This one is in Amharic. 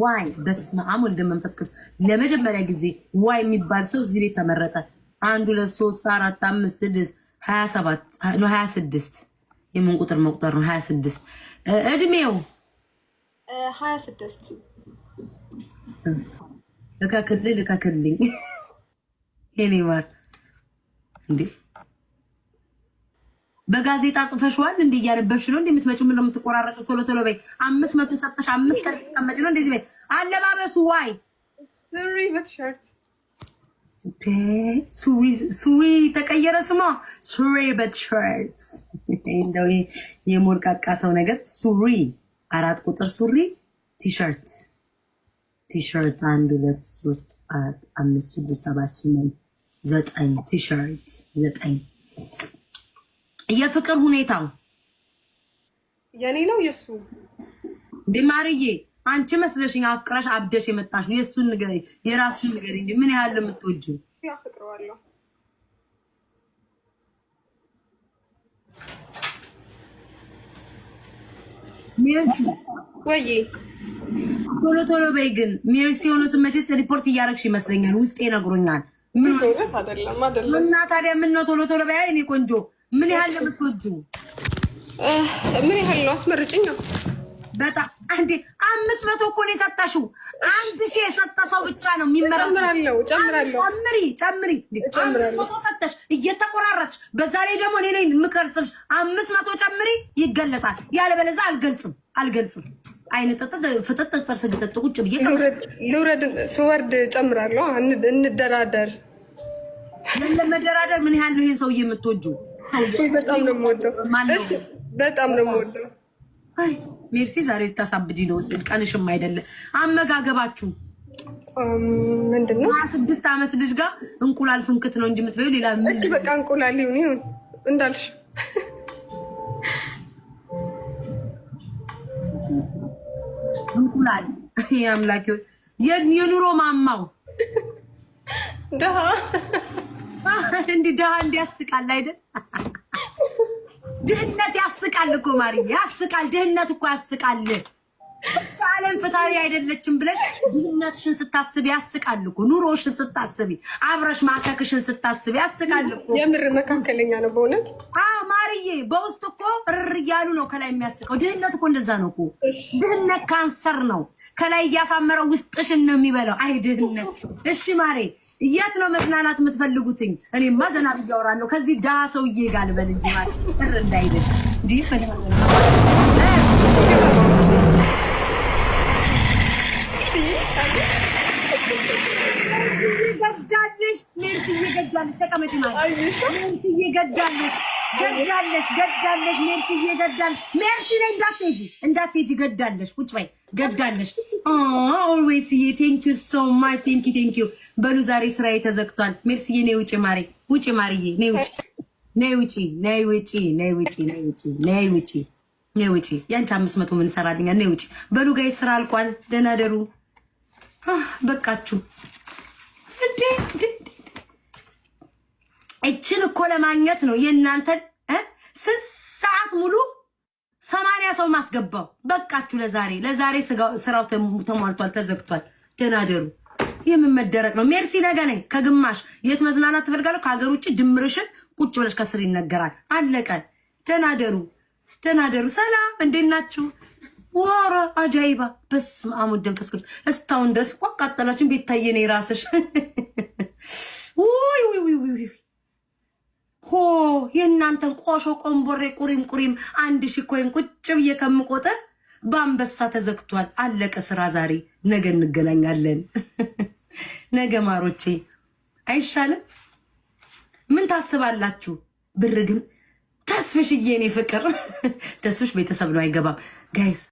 ዋይ በስመ አብ ወልደ መንፈስ ቅዱስ። ለመጀመሪያ ጊዜ ዋይ የሚባል ሰው እዚህ ቤት ተመረጠ። አንድ ሁለት ሶስት አራት አምስት ስድስት ሀያ ሰባት ነው ሀያ ስድስት የምን ቁጥር መቁጠር ነው? ሀያ ስድስት እድሜው ሀያ ስድስት እከክልኝ እከክልኝ የኔ ማር እንዴ በጋዜጣ ጽፈሽዋል እንዲ እያነበብሽ ነው እንዲ የምትመጪው? ምን ነው የምትቆራረጭው? ቶሎ ቶሎ በይ። አምስት መቶ ሰጠሽ፣ አምስት ቀን ትቀመጭ ነው እንደዚህ በይ። አለባበሱ ዋይ ሱሪ ተቀየረ ስሟ ሱሪ በትሸርት እንደው የሞልቃቃ ሰው ነገር ሱሪ አራት ቁጥር ሱሪ ቲሸርት ቲሸርት አንድ ሁለት ሶስት አራት አምስት ስድስት ሰባት ስምንት ዘጠኝ ቲሸርት ዘጠኝ የፍቅር ሁኔታው የኔ ነው የሱ ማርዬ አንቺ መስለሽኝ አፍቅረሽ አብደሽ የመጣሽ ነው። የእሱን ንገሪ፣ የራስሽን ንገሪ እንጂ ምን ያህል የምትወጂው ሜርሲ ወይ ቶሎ ቶሎ በይ። ግን ሜርሲ የሆነ ስመቼት ሪፖርት እያደረግሽ ይመስለኛል። ውስጤ ነግሮኛል። ምን እና ታዲያ ምን ነው ቶሎ ቶሎ በይ እኔ ቆንጆ ምን ያህል ለምትወጁ ምን ያህል ነው? አስመርጭኝ። በጣም አንዴ አምስት መቶ እኮ ነው የሰጠሽው። አንድ ሺህ የሰጠ ሰው ብቻ ነው የሚመረው። ጨምሪ ጨምሪ። አምስት መቶ ሰጠሽ እየተቆራረጥሽ፣ በዛ ላይ ደግሞ እኔ ነኝ የምቀርጽልሽ። አምስት መቶ ጨምሪ ይገለጻል። ያለበለዚያ አልገልጽም አልገልጽም። አይነ ጥጥ ፍጥጥ ጥርስ ግጥጥ ቁጭ ብዬ ልውረድ። ስወርድ ጨምራለሁ። እንደራደር። ለመደራደር ምን ያህል ነው ይሄን ሰውዬ የምትወጂው? በጣም ነው የምወደው፣ ሜርሲ ዛሬ ልታሳብጂ ነው። ቀንሽም አይደለም። አመጋገባችሁ ምንድን ስድስት ዓመት ልጅ ጋር እንቁላል ፍንክት ነው እንጂ ሌላ በቃ እንቁላል ይሁን ይሁን እንዳልሽ እንቁላል የኑሮ ማማው ደሃ እንዲ ድሃ እንዲ ያስቃል አይደል? ድህነት ያስቃል እኮ ማሪ፣ ያስቃል። ድህነት እኮ ያስቃል። ብቻ ዓለም ፍትሃዊ አይደለችም ብለሽ ድህነትሽን ስታስብ ያስቃል እኮ። ኑሮሽን ስታስቢ አብረሽ ማተክሽን ስታስብ ያስቃል እኮ። የምር መካከለኛ ነው በእውነት ርዬ በውስጥ እኮ ርር እያሉ ነው ከላይ የሚያስቀው። ድህነት እኮ እንደዛ ነው እኮ። ድህነት ካንሰር ነው። ከላይ እያሳመረው ውስጥሽን ነው የሚበላው። አይ ድህነት። እሺ ማሬ፣ የት ነው መዝናናት የምትፈልጉትኝ? እኔማ ዘና ብዬ አወራለሁ ከዚህ ዳ ሰውዬ ጋር ልበል እንጂ ማለት እር እንዳይለሽ እንዲህ ገዳለሽ ሜርሲ፣ ገዳለሽ ተቀመጭ ማለት ሜርሲ ገዳለሽ ገዳለሽ ገዳለሽ ሜርሲዬ ገዳል ሜርሲ ላይ እንዳትሄጂ እንዳትሄጂ ገዳለሽ ቁጭ በይ ገዳለሽ ኦልዌይስዬ ዩ ሶ ማች ቴንክ ዩ ቴንክ ዩ በሉ ዛሬ ስራዬ ተዘግቷል ሜርሲዬ ነይ ውጪ ማሬ ውጪ ማርዬ ነይ ውጪ ነይ ውጪ ነይ ውጪ ነይ ውጪ ነይ ውጪ ነይ ውጪ ነይ ውጪ ያንቺ አምስት መቶ ምን ሰራልኛል ነይ ውጪ በሉ ጋይ ስራ አልቋል ደህና ደሩ በቃችሁ እንዴ እችን እኮ ለማግኘት ነው የእናንተን ስንት ሰዓት ሙሉ ሰማንያ ሰው ማስገባው። በቃችሁ ለዛሬ ለዛሬ ስራው ተሟልቷል፣ ተዘግቷል። ደናደሩ የምመደረቅ ነው? ሜርሲ ነገ ነኝ ከግማሽ የት መዝናናት ትፈልጋለሁ። ከሀገር ውጭ ድምርሽን ቁጭ ብለሽ ከስር ይነገራል። አለቀ። ደናደሩ ደናደሩ። ደህና ደሩ። ሰላም፣ እንዴት ናችሁ? ወረ አጃይባ በስመ አብ ወመንፈስ ቅዱስ። እስካሁን ድረስ እኮ አቃጠላችን ቤታየኔ ራስሽ የእናንተን ቆሾ ቆንቦሬ ቁሪም ቁሪም አንድ ሺ ኮይን ቁጭ ብዬ ከምቆጥር በአንበሳ ተዘግቷል። አለቀ ስራ ዛሬ። ነገ እንገናኛለን። ነገ ማሮቼ አይሻልም? ምን ታስባላችሁ? ብር ግን ተስፍሽ የኔ ፍቅር ተስፍሽ ቤተሰብ ነው አይገባም ጋይስ።